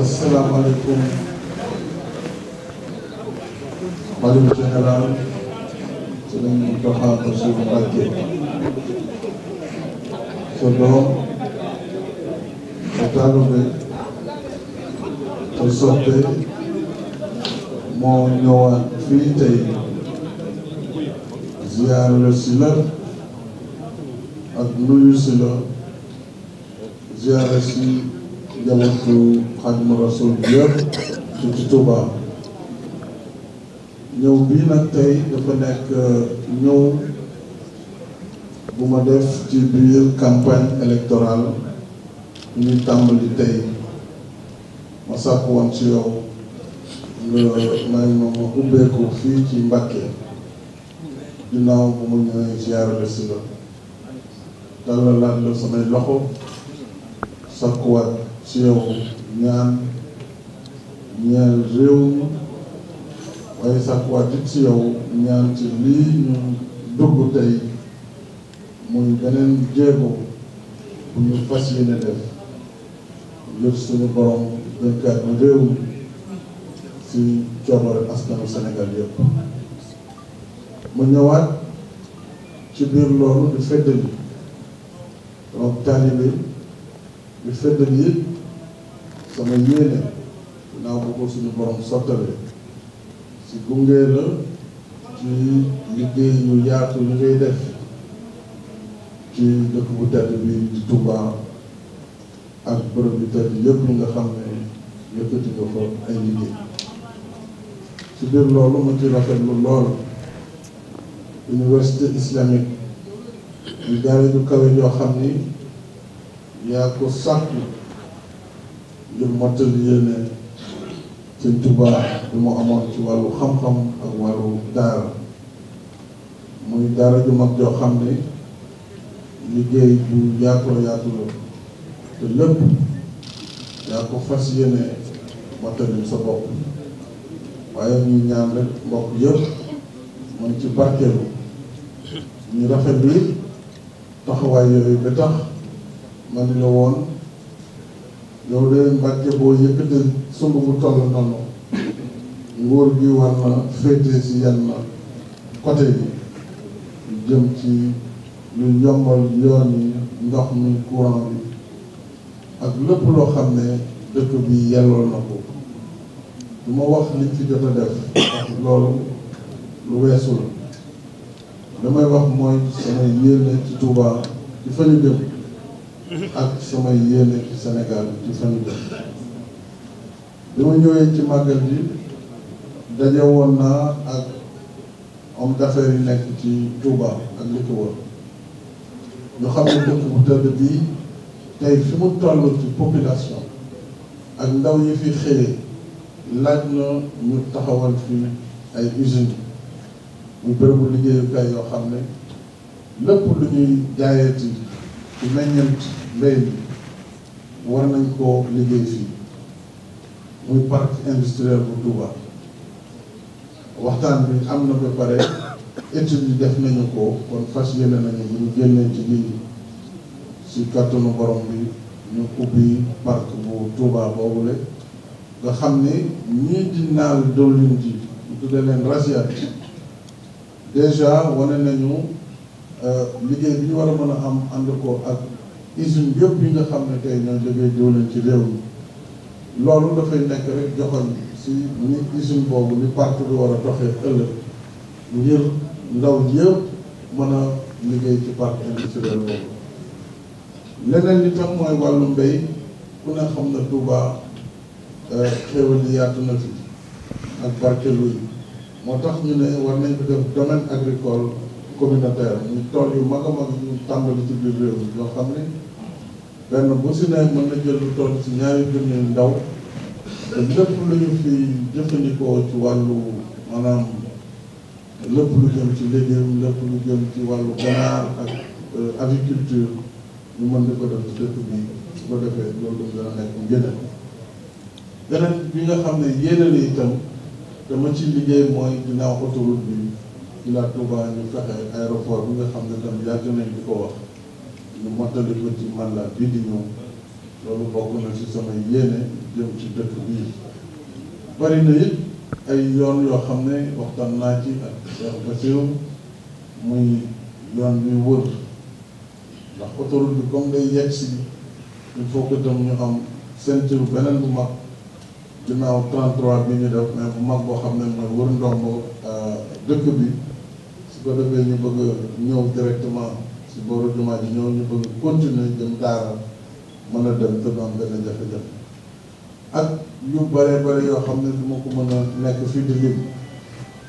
asalaamaaleykum maaleykum général sëriñ Mountakha Bassirou Mbacké sa doom sa taalibe suñu soppe moo ñëwaat fii tey ziar la si ak nuyu si la ziar si njabootu Xaadimu Rasuul yëpp ci Touba ñëw bii nag tey dafa nekk euh, ñëw bu ma def ci biir campagne électorale ñu tàmbali tey sàkku woon ci yow nga may ma ma ubbeeku fii ci Mbàkke ginnaaw bu mu ñëwee ziyaarale si la dalal laaj la samay loxo sàkkuwaat ci yow ñaan ñeel réew mi waaye sàkkuwaat it ci yow ñaan ci lii ñu dugg tey muy beneen jéego bu ñu fas yéene def ngir suñu borom dañ koy am réew mi si coobare askanu Sénégal yëpp mu ñëwaat ci biir loolu di feddali donc taalibe di feddali it sama yéene dinaa bu ko suñu borom sottalee si gungee la ci liggéey yu yaatu ñu ngay def ci dëkk bu tedd bi di Touba ak bërëb yu tedd yëpp li nga xam ne yëkkati nga ko ay liggéey ci biir loolu mu ci rafetlu lool université islamique ñu daara ju kawe yoo xam ni yaa ko sàkku ngir mottal yéene sëñ Tuubaa bi mu amoon ci wàllu xam-xam ak wàllu daara muy daara ju mag joo xam ni liggéey bu yaatu la yaatu la te lépp yaa ko fas yéene mottalil sa bopp waaye ñu ñaan rek mbokk yëpp mën ci barkeelu ñu rafet bi taxawaay yooyu ba tax man la woon yow de Mbàkke boo yëkkati sumb bu toll noonu nguur gi war na féete si yenn côté bi jëm ci lu yombal yoon ndox mi courant ak lépp loo xam ne dëkk bi yellool na ko du wax liñ fi jot a def ndax loolu lu wax mooy sama yéene ci Touba ci fa ñu jëm ak sama yéene ci Sénégal ci fa ñu jëm bi ma ñëwee ci màggal bi daje woon naa ak homme d'affaires yi nekk ci Touba ak li ko wër ñu xam ne tey fi mu toll ci population ak ndaw yi fi xëyee laaj na ñu taxawal fii ay usines muy bërëbu liggéeyukaay yoo xam ne lépp lu ñuy jaayeeti ci meññeent mbay mi war nañ koo liggéey fii muy parc industriel bu Touba waxtaan bi am na ba pare étude yi def nañu ko kon fas yéene nañu ñu génnee ci lii ci kàttanu borom bi ñu ubbi parc bu boobu boobule nga xam ne ñii di naal dëwlin ji ñu tudde leen rasiat dèjà wane nañu euh, liggéey bi war a mën a am ànd ak usine yëpp yi nga xam ne tey ñooy liggéey dëwlin ci réew mi loolu dafay nekk rek joxoñ si ni usine boobu ni parc bi war a doxee ëllëg ngir ndaw yëpp mën a liggéey ci parc industriel boobu leneen li tax mooy wàllu mbéy ku ne xam na Touba euh, xéwal yi yaatu na fi ak barkelu yi moo tax ñu ne war nañ ko def domaine agricole communautaire ñu tool yu mag a mag ñu tàmbali ci biir réew mi yoo xam ne benn bu si ne mën na jël lu toll ci ñaari junni ndaw te lépp fi jëfandikoo ci wàllu maanaam lépp lu jëm ci légume lépp lu jëm ci wàllu ganaar ak euh, aviculture ñu mën di ko def ci dëkk bi su ko defee loolu dana nekk njëriñ beneen bi nga xam ne yéene la itam dama ci liggéey mooy ginnaaw autoroute bi Ila Touba ñu fexe aéroport bi nga xam ne tam yàgg nañ di ko wax ñu mottali ko ci mandat bii di ñëw loolu bokk na ci sama yéene jëm ci dëkk bii bari na it ay yoon yoo xam ne waxtaan naa ci ak Cheikh Bassirou muy yoon bi wër ndax autoroute bi comme day yegg si il faut que ñu am ceinture beneen bu mag ginnaaw 33 bi ñu def mais bu mag boo xam ne mooy wër moo euh, dëkk bi si ko defee ñu bëgg ñëw directement si booru jumaa ji ñëw ñu bëgg continuer jëm daara mën a dem te du am benn jafe-jafe ak yu bare bare yoo xam ne du ma ko mën a nekk fii di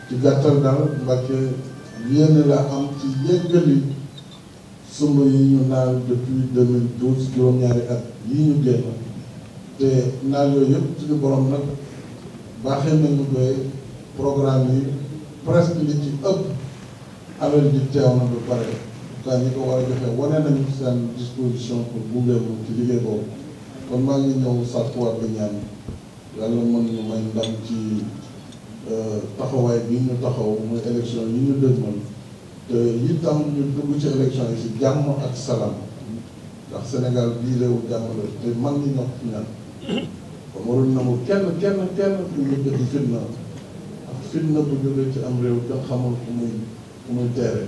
ci gàttal daal Mbàkke yéen la am ci yëggali sumb yi ñu naan depuis 2012 juróom-ñaari at yii ñu génn te naan yooyu yëpp suñu borom nag baaxee nañu koy programme yi presque li ci ëpp alal ji teew na lu pare en ñi ko war a joxe wane nañu seen disposition pour gouvernement ci liggéey boobu kon maa ngi ñëw sàkkuwaat bi ñaan yàlla mën ñu may ndam ci euh, taxawaay bi ñu taxaw mooy élection yi ñu dëgmal te itam ñu dugg ci élection yi si jàmm ak salaam ndax Sénégal bii réewu jàmm te mag ñi ñoo fi ñaan kon warul na mu kenn kenn kenn ku ñu jël fitna ak fitna bu jógee ci am réew kenn xamul ku muy ku muy teere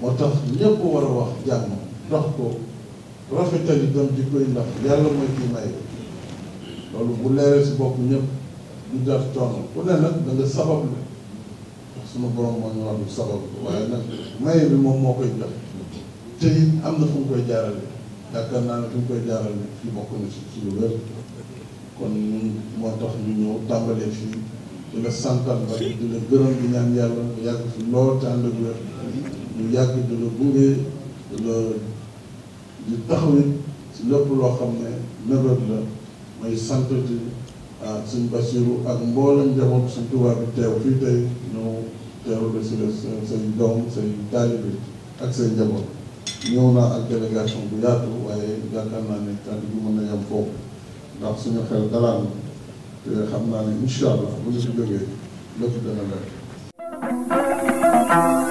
moo tax ñëpp war a wax jàmm dox ko rafetali doom di koy ndax yàlla mooy kii may loolu bu leeree si suma borom moo ñu war a sabab waaye nag maye bi moom moo koy joxe te it am na fu mu koy jaarale yaakaar naa ne fu mu koy jaarale fii bokk na ci ci lu wér kon ñun moo tax ñu ñëw tàmbalee fii di la santal ba di la gërëm di ñaan yàlla nga yàgg fi lool te ànd ak wér ñu yàgg di la gunge di la di taxawit ci lépp loo xam ne mébét la mooy sant di ah suñ Basiru ak mboolem njaboot suñ Tuubaa bi teew fii tey ñëw teew la si la say doom ak say njaboot ñëw naa ak délégation bu yaatu waaye yaakaar naa ne kàddu gi mën na yem foofu ndax suñu xel dalaan te xam naa ne incha allah bu ñu si